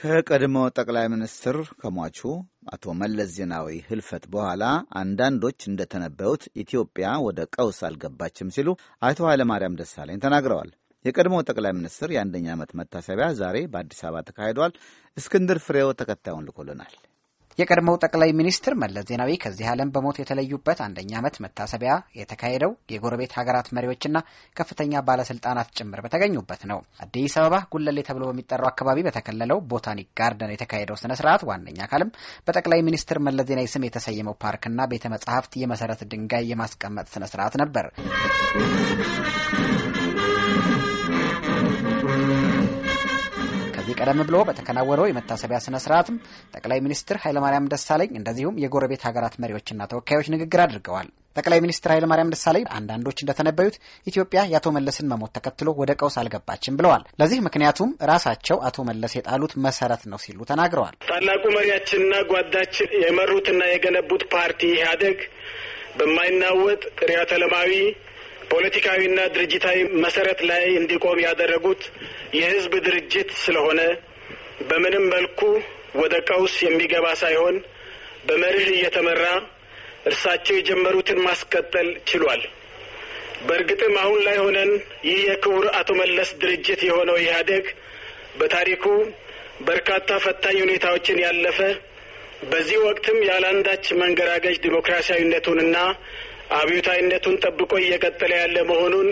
ከቀድሞ ጠቅላይ ሚኒስትር ከሟቹ አቶ መለስ ዜናዊ ህልፈት በኋላ አንዳንዶች እንደተነበዩት ኢትዮጵያ ወደ ቀውስ አልገባችም ሲሉ አቶ ኃይለማርያም ደሳለኝ ተናግረዋል። የቀድሞ ጠቅላይ ሚኒስትር የአንደኛ ዓመት መታሰቢያ ዛሬ በአዲስ አበባ ተካሂዷል። እስክንድር ፍሬው ተከታዩን ልኮልናል። የቀድሞው ጠቅላይ ሚኒስትር መለስ ዜናዊ ከዚህ ዓለም በሞት የተለዩበት አንደኛ ዓመት መታሰቢያ የተካሄደው የጎረቤት ሀገራት መሪዎችና ከፍተኛ ባለስልጣናት ጭምር በተገኙበት ነው። አዲስ አበባ ጉለሌ ተብሎ በሚጠራው አካባቢ በተከለለው ቦታኒክ ጋርደን የተካሄደው ስነ ስርዓት ዋነኛ አካልም በጠቅላይ ሚኒስትር መለስ ዜናዊ ስም የተሰየመው ፓርክና ቤተ መጻሕፍት የመሰረት ድንጋይ የማስቀመጥ ስነ ስርዓት ነበር። ከዚህ ቀደም ብሎ በተከናወነው የመታሰቢያ ስነ ስርዓትም ጠቅላይ ሚኒስትር ኃይለማርያም ደሳለኝ እንደዚሁም የጎረቤት ሀገራት መሪዎችና ተወካዮች ንግግር አድርገዋል። ጠቅላይ ሚኒስትር ኃይለማርያም ደሳለኝ አንዳንዶች እንደተነበዩት ኢትዮጵያ የአቶ መለስን መሞት ተከትሎ ወደ ቀውስ አልገባችም ብለዋል። ለዚህ ምክንያቱም ራሳቸው አቶ መለስ የጣሉት መሰረት ነው ሲሉ ተናግረዋል። ታላቁ መሪያችንና ጓዳችን የመሩትና የገነቡት ፓርቲ ኢህአዴግ በማይናወጥ ርዕዮተ ዓለማዊ ፖለቲካዊና ድርጅታዊ መሰረት ላይ እንዲቆም ያደረጉት የህዝብ ድርጅት ስለሆነ በምንም መልኩ ወደ ቀውስ የሚገባ ሳይሆን በመርህ እየተመራ እርሳቸው የጀመሩትን ማስቀጠል ችሏል። በእርግጥም አሁን ላይ ሆነን ይህ የክቡር አቶ መለስ ድርጅት የሆነው ኢህአዴግ በታሪኩ በርካታ ፈታኝ ሁኔታዎችን ያለፈ በዚህ ወቅትም ያለአንዳች መንገራገጅ ዲሞክራሲያዊነቱንና አብዮታዊነቱን ጠብቆ እየቀጠለ ያለ መሆኑን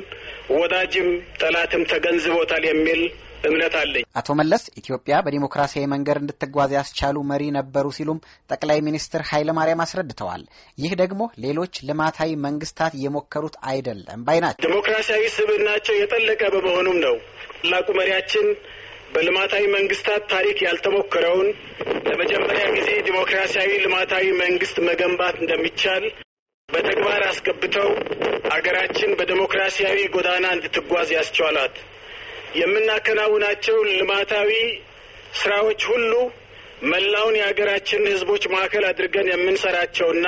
ወዳጅም ጠላትም ተገንዝቦታል የሚል እምነት አለኝ። አቶ መለስ ኢትዮጵያ በዲሞክራሲያዊ መንገድ እንድትጓዝ ያስቻሉ መሪ ነበሩ ሲሉም ጠቅላይ ሚኒስትር ማርያም አስረድተዋል። ይህ ደግሞ ሌሎች ልማታዊ መንግስታት የሞከሩት አይደለም ባይ ናቸው። ዲሞክራሲያዊ ስብዕናቸው የጠለቀ በመሆኑም ነው ታላቁ መሪያችን በልማታዊ መንግስታት ታሪክ ያልተሞከረውን ለመጀመሪያ ጊዜ ዲሞክራሲያዊ ልማታዊ መንግስት መገንባት እንደሚቻል በተግባር አስገብተው አገራችን በዴሞክራሲያዊ ጎዳና እንድትጓዝ ያስቻላት የምናከናውናቸው ልማታዊ ስራዎች ሁሉ መላውን የሀገራችን ህዝቦች ማዕከል አድርገን የምንሰራቸውና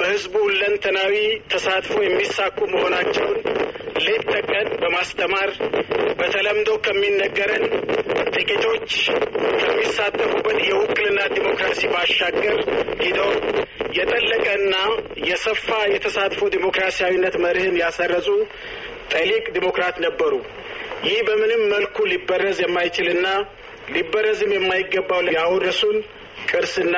በህዝቡ ሁለንተናዊ ተሳትፎ የሚሳኩ መሆናቸውን ሌት ተቀን በማስተማር በተለምዶ ከሚነገረን ጥቂቶች ከሚሳተፉበት የውክልና ዲሞክራሲ ባሻገር ሂደው የጠለቀና የሰፋ የተሳትፎ ዲሞክራሲያዊነት መርህን ያሰረጹ ጠሊቅ ዲሞክራት ነበሩ። ይህ በምንም መልኩ ሊበረዝ የማይችልና ሊበረዝም የማይገባው ያወረሱን ቅርስና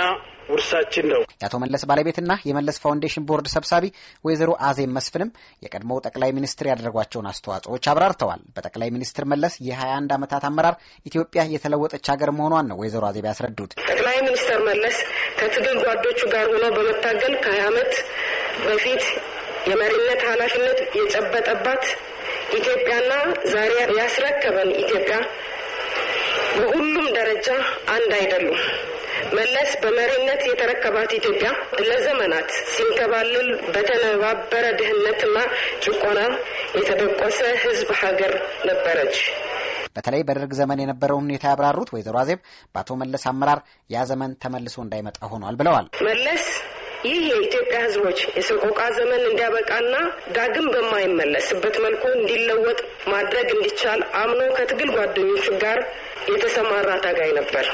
ውርሳችን ነው። የአቶ መለስ ባለቤትና የመለስ ፋውንዴሽን ቦርድ ሰብሳቢ ወይዘሮ አዜም መስፍንም የቀድሞው ጠቅላይ ሚኒስትር ያደረጓቸውን አስተዋጽኦዎች አብራርተዋል። በጠቅላይ ሚኒስትር መለስ የ21 ዓመታት አመራር ኢትዮጵያ የተለወጠች ሀገር መሆኗን ነው ወይዘሮ አዜብ ያስረዱት። ጠቅላይ ሚኒስትር መለስ ከትግል ጓዶቹ ጋር ሆነው በመታገል ከ20 ዓመት በፊት የመሪነት ኃላፊነት የጨበጠባት ኢትዮጵያና ዛሬ ያስረከበን ኢትዮጵያ በሁሉም ደረጃ አንድ አይደሉም። መለስ በመሪነት የተረከባት ኢትዮጵያ ለዘመናት ሲንከባልል በተነባበረ ድህነትና ጭቆና የተደቆሰ ህዝብ ሀገር ነበረች። በተለይ በደርግ ዘመን የነበረውን ሁኔታ ያብራሩት ወይዘሮ አዜብ በአቶ መለስ አመራር ያ ዘመን ተመልሶ እንዳይመጣ ሆኗል ብለዋል። መለስ ይህ የኢትዮጵያ ህዝቦች የሰቆቃ ዘመን እንዲያበቃና ዳግም በማይመለስበት መልኩ እንዲለወጥ ማድረግ እንዲቻል አምኖ ከትግል ጓደኞቹ ጋር የተሰማራ ታጋይ ነበር።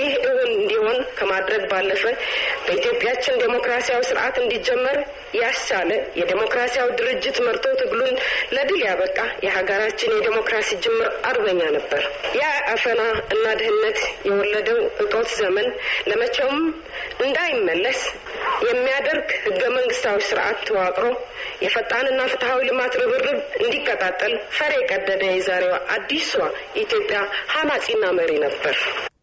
ይህ እውን እንዲሆን ከማድረግ ባለፈ በኢትዮጵያችን ዴሞክራሲያዊ ስርዓት እንዲጀመር ያስቻለ የዴሞክራሲያዊ ድርጅት መርቶ ትግሉን ለድል ያበቃ የሀገራችን የዴሞክራሲ ጅምር አርበኛ ነበር። ያ አፈና እና ድህነት የወለደው እጦት ዘመን ለመቼውም እንዳይመለስ የሚያደርግ ህገ መንግስታዊ ስርዓት ተዋቅሮ የፈጣንና ፍትሀዊ ልማት ርብርብ እንዲቀጣጠል ፈር የቀደደ የዛሬዋ አዲሷ ኢትዮጵያ ሀማጺና መሪ ነበር።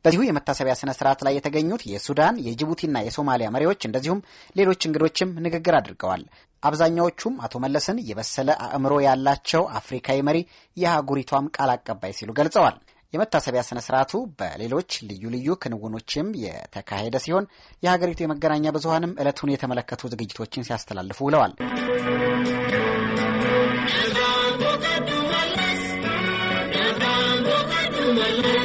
በዚሁ የመታሰቢያ ስነ ስርዓት ላይ የተገኙት የሱዳን የጅቡቲና የሶማሊያ መሪዎች እንደዚሁም ሌሎች እንግዶችም ንግግር አድርገዋል። አብዛኛዎቹም አቶ መለስን የበሰለ አእምሮ ያላቸው አፍሪካዊ መሪ የአህጉሪቷም ቃል አቀባይ ሲሉ ገልጸዋል። የመታሰቢያ ስነ ስርዓቱ በሌሎች ልዩ ልዩ ክንውኖችም የተካሄደ ሲሆን የሀገሪቱ የመገናኛ ብዙሀንም እለቱን የተመለከቱ ዝግጅቶችን ሲያስተላልፉ ውለዋል።